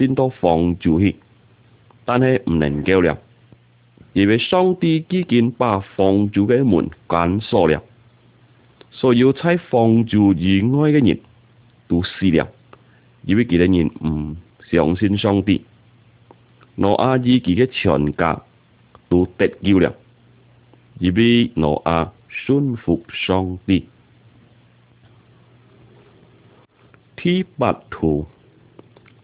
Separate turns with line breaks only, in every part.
先到房住去，但係唔能夠了，因為上帝已經把房住嘅門關鎖了，所以拆房住以外嘅人都死了。因為幾多人唔相信上帝，挪亞自己全家都得救了，因為挪亞順服上帝，天白兔。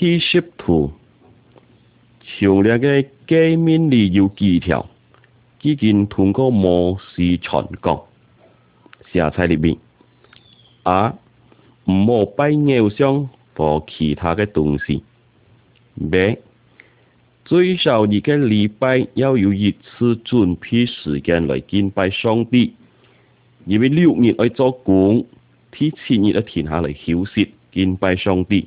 第十圖朝日個界面裏有幾條，只見通過摩西傳講。寫在裏邊，啊，唔好擺偶像和其他個東西。B 最少一個禮拜要有一次準備時間來敬拜上帝，因為六日來做工，第七日的停下嚟休息敬拜上帝。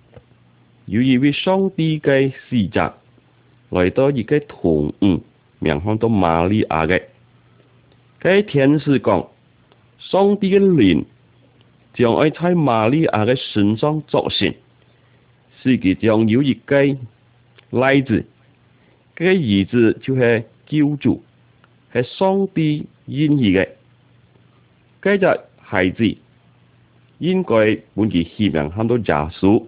有一位上帝嘅使者來到一個堂屋，面向到瑪利亞嘅。啲天使講：上帝嘅臉將愛在瑪利亞嘅身上作善，使其將有一個例子，佢嘅兒子就係救主，係上帝願意嘅。今日孩子應該保持善良，到家屬。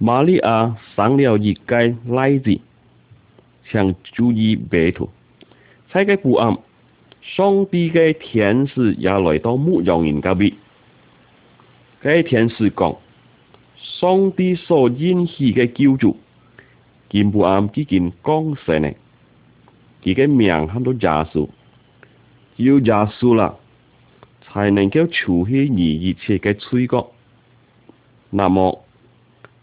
瑪利亞生了一個奶子，向主耶穌，頭。呢個晡暗，上帝嘅天使也來到牧羊人隔壁。嘅天使講，上帝所應許嘅救助，今晡暗已經降生嚟，一個命含到耶穌，有耶穌啦，才能夠除去你一切嘅罪過，那麼。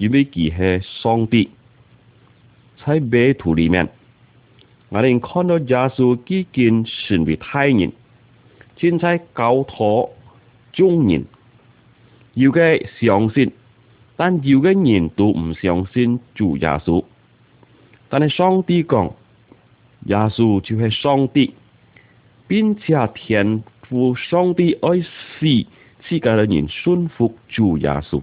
因為佢係上帝，在泥土裏面，我哋看到耶穌基督是位太人，正在教徒眾人有嘅相信，但有嘅人都唔相信主耶穌。但係上帝講，耶穌就係上帝，並且天父上帝愛世，世界嘅人順服主耶穌。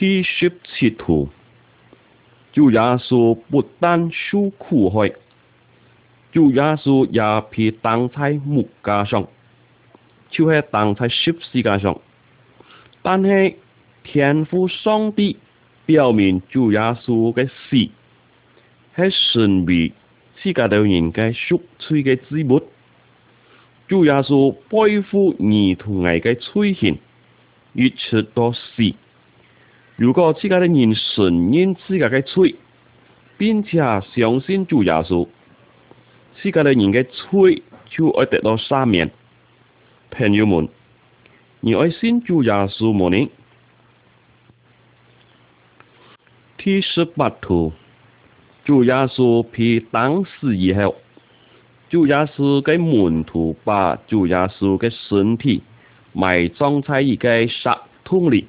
第十七圖，主耶穌不但受苦害，主耶穌也被當在木架上，就喺當在十字架上。但係天父上帝表明主耶穌嘅死，喺神俾世界的人嘅贖罪嘅資本，主耶穌背負兒童愛嘅罪行，一直到死。如果自家的人承認自家的罪，並且相信主耶穌，自家的人嘅罪就愛得到赦免。朋友們，你愛信主耶穌麼呢？第十八圖，主耶穌被打死以後，主耶穌嘅門徒把主耶穌嘅身體埋葬在一個石洞裏。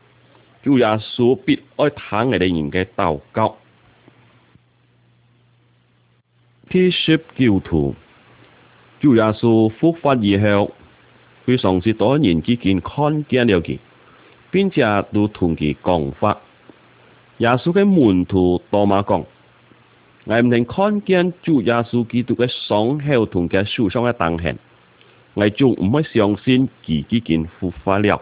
主耶穌必愛睇我哋人嘅禱告，天主教徒，主耶穌復活以後，非常之多年之間看見了佢，並且都同佢講法。耶穌嘅門徒多馬講：我唔能看見主耶穌基督嘅傷口同佢受傷嘅傷痕，我仲唔會相信自己復活了。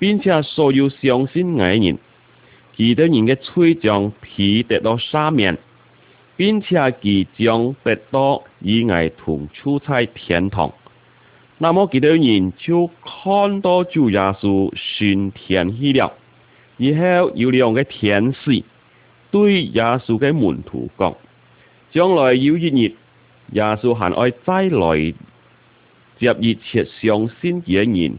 並且所有相信嘅人，其他人嘅吹將皮得到赦免，並且佢將得到以外同出差天堂，那麼其他人就看到就耶穌升天去了，以後有兩個天使對耶穌嘅門徒講，將來有一日耶穌還愛再來接一切相信嘅人。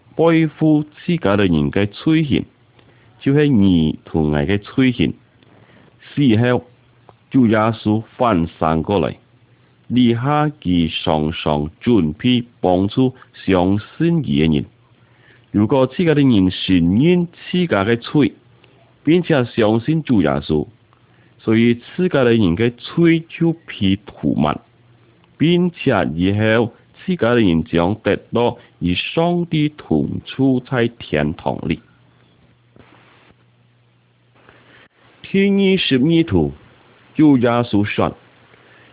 背負自家的人嘅罪行，就會你同來的行是你同我的罪行，事後主耶穌反生過來，立下其上上尊卑，幫助相信佢嘅人。如果自家的人承認自家的罪，並且相信主耶穌，所以自家的人嘅罪就被塗抹，並且以後。世界嘅現象，極到以上帝同處在天堂裏。天意十面圖，就也所說，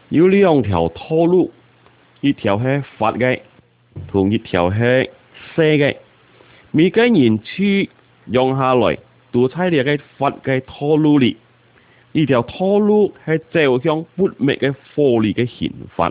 有兩條道路，一條係法嘅，同一條係邪嘅。每個人去用下來，都喺呢個法嘅道路裏。呢條道路係走向毀滅嘅法律嘅刑法。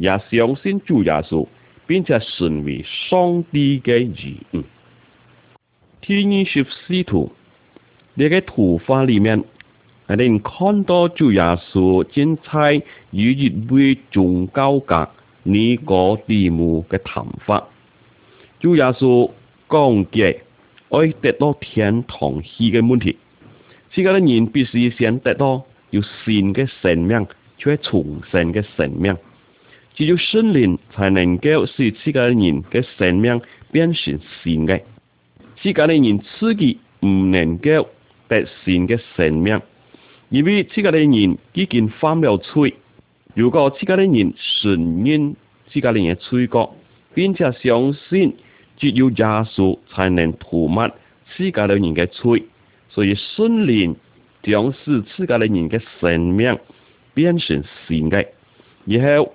也相信主耶穌，並且成為上帝嘅兒。第二十四圖，你、這個圖畫裏面，你令看到主耶穌，精彩與日杯崇高格尼哥底母嘅談法。主耶穌，講傑愛得到天堂去嘅問題，世界啲人必須先得到有新嘅生命，卻重新嘅生命。只有訓練，才能夠使世界人的生命變成新嘅；世界的人自己不能夠得新嘅生命，因為世界的人已經犯了罪。如果世界的人承認世界的嘢罪過，並且相信只有耶穌才能塗抹世界裏人的罪，所以訓練將是世界裏人的生命變成新嘅，然後。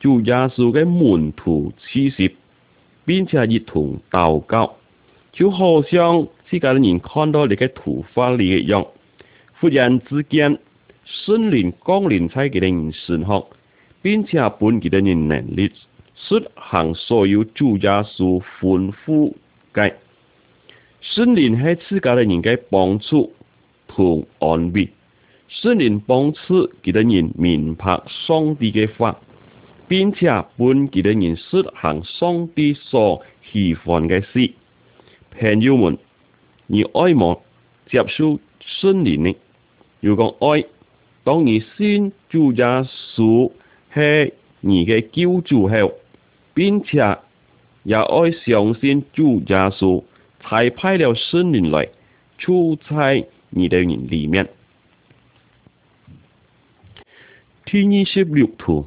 主耶穌嘅門徒，七時並且一同禱告，就好像世界各人看到你個圖畫裏一樣。忽然之間聖靈光年差嘅人身後，並且係畀佢哋嘅人能力實行所有主耶穌吩咐嘅。聖靈係世界各人嘅幫助同安慰，聖靈幫助佢哋人明白上帝嘅法。並且本佢哋人說行上帝所喜歡嘅事，朋友們你愛慕接受聖靈呢？如果愛，當你先做耶穌係你嘅救助係，並且也愛相信主耶穌，才派了聖靈來出差你的人裏面。第二十六圖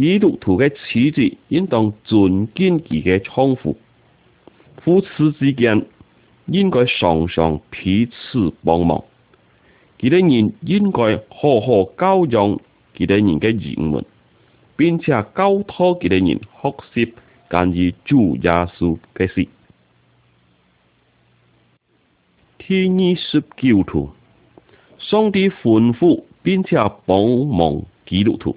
基督徒嘅妻子應當尊敬佢嘅丈夫，夫妻之間應該常常彼此幫忙，佢哋人應該好好教養佢哋人嘅兒女，並且交託佢哋人學習關於主耶穌嘅事。天意是基督徒，上帝豐富並且幫忙基督徒。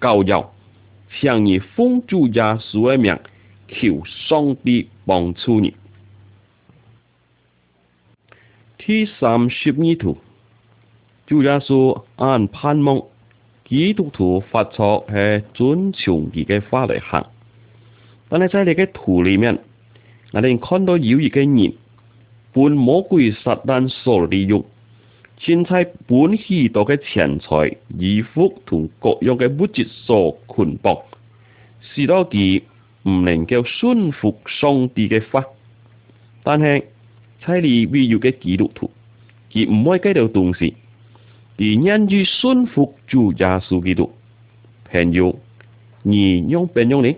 教育，常而幫助耶穌嘅名求上帝幫助你。第三十二圖，就係說按盼望基督徒發錯係尊重你嘅法律行，但係在你嘅圖裏面，我哋看到有一個人，半魔鬼撒旦所利用。現在本世道嘅錢財，以福同各樣嘅物質所捆綁，使到佢唔能夠順服上帝嘅法。但係，差你需要嘅基督徒，佢唔會計較東西，時，佢願意順服主耶穌基督。朋友，你用邊種呢？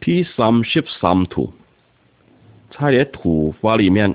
第三十三圖，差啲圖話裏面。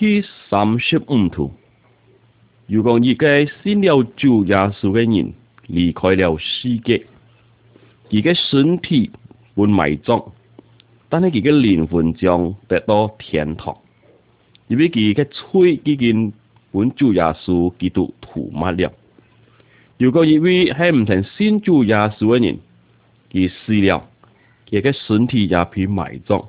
去三十五度。如果一個信了主耶穌嘅人離開了世界，其個身體會埋葬，但係其個靈魂將得到天堂。因為其個喙已經本主耶穌基督塗滿了。如果一位還唔曾信主耶穌嘅人，佢死了，其個身體也變埋葬。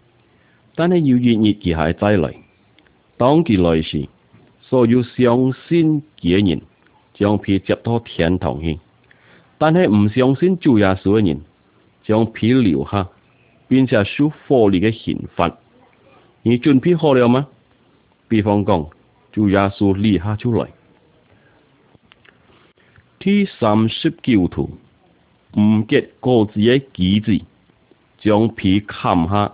但係要願意其係再嚟，當其來時，所有相信佢嘅人將被接到天堂去；但係唔相信主耶穌嘅人，將被留下，並且受火嘅刑罰。你準備好了嗎？比方講，主耶穌立下出嚟，啲三十九圖，唔結各自嘅幾子，將被砍下。